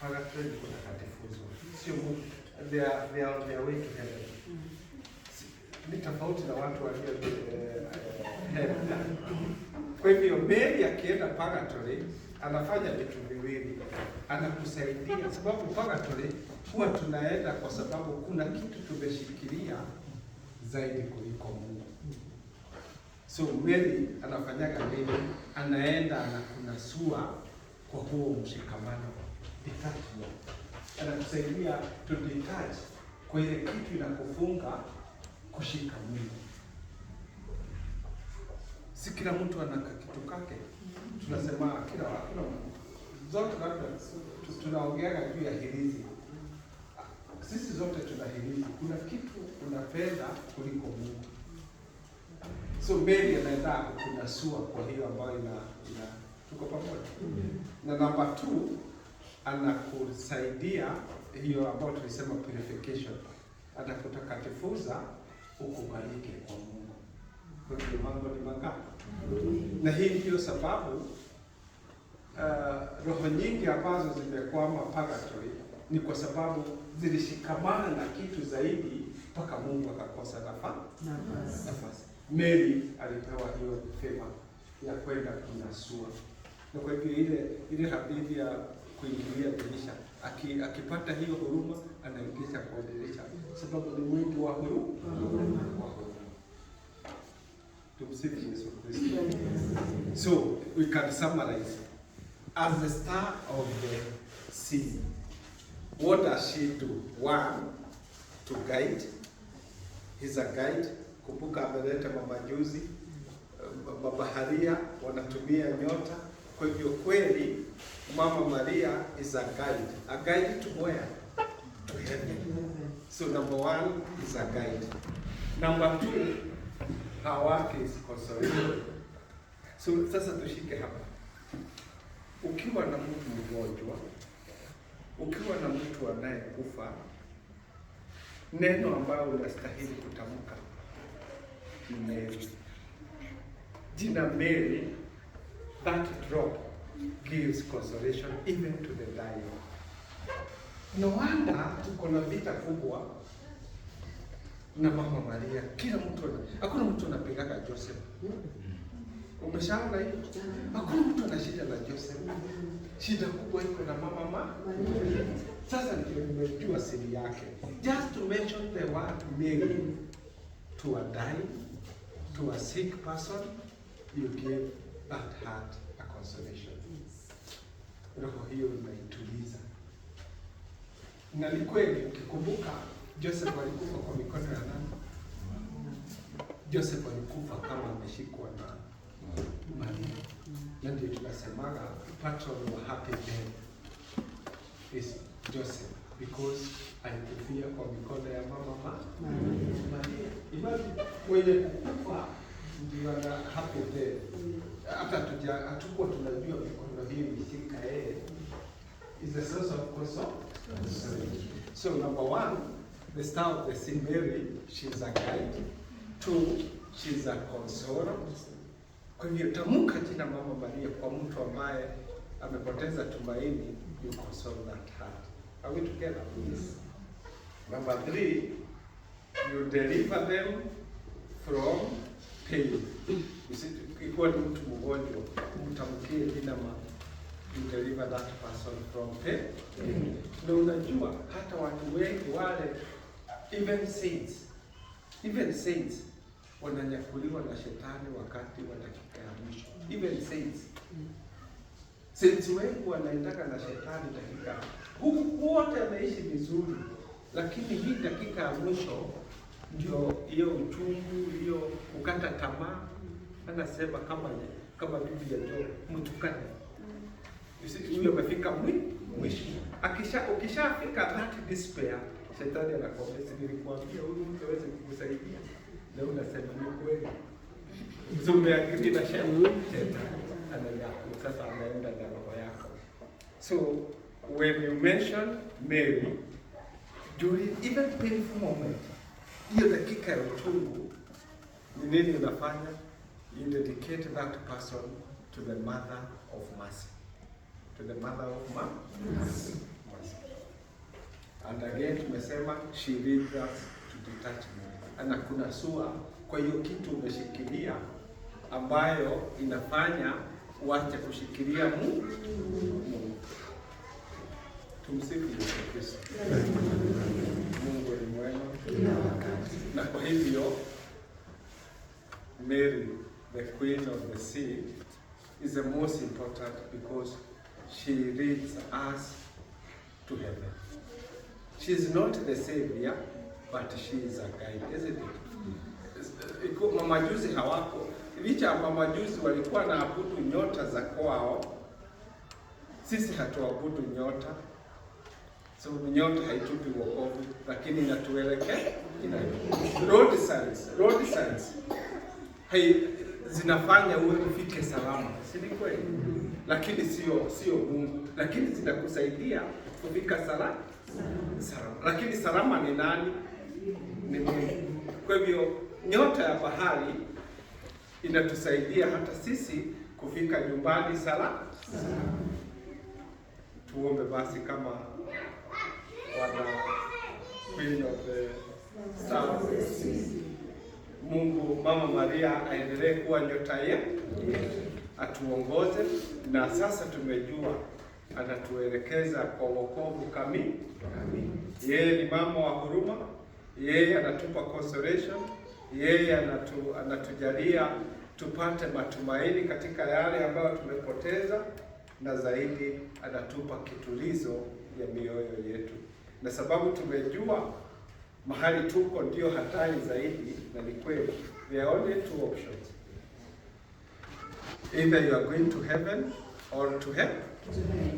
Harakiri kutakatifuzwa, sio vya vya vya way to mm-hmm. Ni tofauti na watu walio eh, eh, eh. kwa hivyo, Mary akienda purgatory anafanya vitu viwili, anakusaidia sababu purgatory huwa tunaenda kwa sababu kuna kitu tumeshikilia zaidi kuliko Mungu. So Mary anafanyaga nini? Anaenda anakunasua kwa huo mshikamano detachment anakusaidia to detach kwa ile kitu inakufunga kushika mwili. Si kila mtu ana kitu kake, tunasema kila kila zote tunaongeaga juu ya hirizi. Sisi zote tuna hirizi, kuna kitu unapenda kuliko Mungu. So Mary anaenda kunasua kwa hiyo ambayo ina, ina tuko pamoja na namba two anakusaidia hiyo ambayo tulisema purification, anakutakatifuza ukubalike kwa Mungu. Kwa hiyo mambo ni mangapi? Na hii ndiyo sababu uh, roho nyingi ambazo zimekwama purgatory ni kwa sababu zilishikamana na kitu zaidi mpaka Mungu akakosa nafasi. Mary alipewa hiyo fema ya kwenda kunasua, na kwa hivyo ile ile hadithi ya kuingilia kuonyesha, akipata hiyo huruma anaingiza kuendelesha, sababu ni mwingi wa huruma. Tumsifu Yesu Kristo. So we can summarize as the star of the sea, what does she do? One, to guide. He's a guide. Kumbuka ameleta mabajuzi eh, mabaharia, wanatumia nyota kwa hivyo kweli Mama Maria is a guide. A guide to where? To heaven. So number one is a guide. Number two, her work is consolation. So sasa tushike hapa. Ukiwa na mtu mgonjwa, ukiwa na mtu anayekufa, neno ambayo unastahili kutamka ni Mary. Jina Mary, that drop gives consolation even to the dying. No wonder ah, tuko na vita kubwa na Mama Maria, kila mtu ana hakuna mtu anapingaka Joseph. Hmm. Umeshaona hiyo? Hakuna mtu ana shida na Joseph. Shida kubwa iko na Mama ma sasa ndio nimejua siri yake. Just to mention the word Mary to a dying, to a sick person, you give that heart consolation. Roho hiyo inaituliza, na ni kweli. Ukikumbuka Joseph alikufa kwa mikono ya nani? Joseph alikufa kama ameshikwa na Maria, na ndio tunasemaga patron wa happy day is Joseph because alikufia kwa mikono ya mama ma Maria. Imagine mwenye kukufa ndio ana happy day. hata hatukuwa tunajua mikondo hii eh. imeshika yeye is the source of console. So number one, the star of the sea Mary, she's a guide. Two, she's a consoler. Kwa hivyo tamka jina Mama Maria kwa mtu ambaye amepoteza tumaini, you console that heart. Are we together? please? Number three, you deliver them from pain. You see, Ukikuwa ni mtu mgonjwa, mtamkie jina ma you deliver that person from pain. Na unajua hata watu wengi wale even saints, even saints wananyakuliwa na shetani wakati wa dakika ya mwisho. Even saints saints wengi wanaendaka na shetani dakika huku, wote anaishi vizuri, lakini hii dakika ya mwisho ndio hiyo uchungu, hiyo kukata tamaa anasema kama kama bibi ya Job mtukane. Mm. Huyo amefika mwisho. Akisha ukishafika that despair, shetani anakwambia nilikuambia huyu mtu hawezi kukusaidia. Na unasema ni kweli. Mzumeagiri na mm. shetani ananyaku sasa anaenda na roho yako. So when you mention Mary during even painful moment, hiyo dakika ya uchungu ni nini unafanya? you dedicate that person to the mother of mercy. To the mother of mercy. And again tumesema she leads us to detachment. me. Na kuna sua, kwa hiyo kitu umeshikilia ambayo inafanya uache kushikilia Mungu. is the most important because she leads us to heaven. She is not the savior, but she is a guide, isn't it? Mamajuzi hawako, licha ya mamajuzi walikuwa na abudu nyota za kwao, sisi hatuabudu nyota. So nyota haitupi wokovu, lakini inatuelekea, road signs, road signs. Hey, zinafanya uwe ufike salama, si ni kweli? Lakini sio sio Mungu, lakini zinakusaidia kufika salama salama. Lakini salama ni nani? Ni Mungu. Kwa hivyo nyota ya bahari inatusaidia hata sisi kufika nyumbani salama. Tuombe basi kama wana Queen of the South. Mungu Mama Maria aendelee kuwa nyota yetu, atuongoze. Na sasa tumejua anatuelekeza kwa wokovu kamili. Yeye ni mama wa huruma, yeye anatupa consolation, yeye anatu, anatujalia tupate matumaini katika yale ambayo tumepoteza, na zaidi anatupa kitulizo ya mioyo yetu, na sababu tumejua mahali tuko ndio hatari zaidi, na ni kweli. There are only two options, either you are going to heaven or to hell.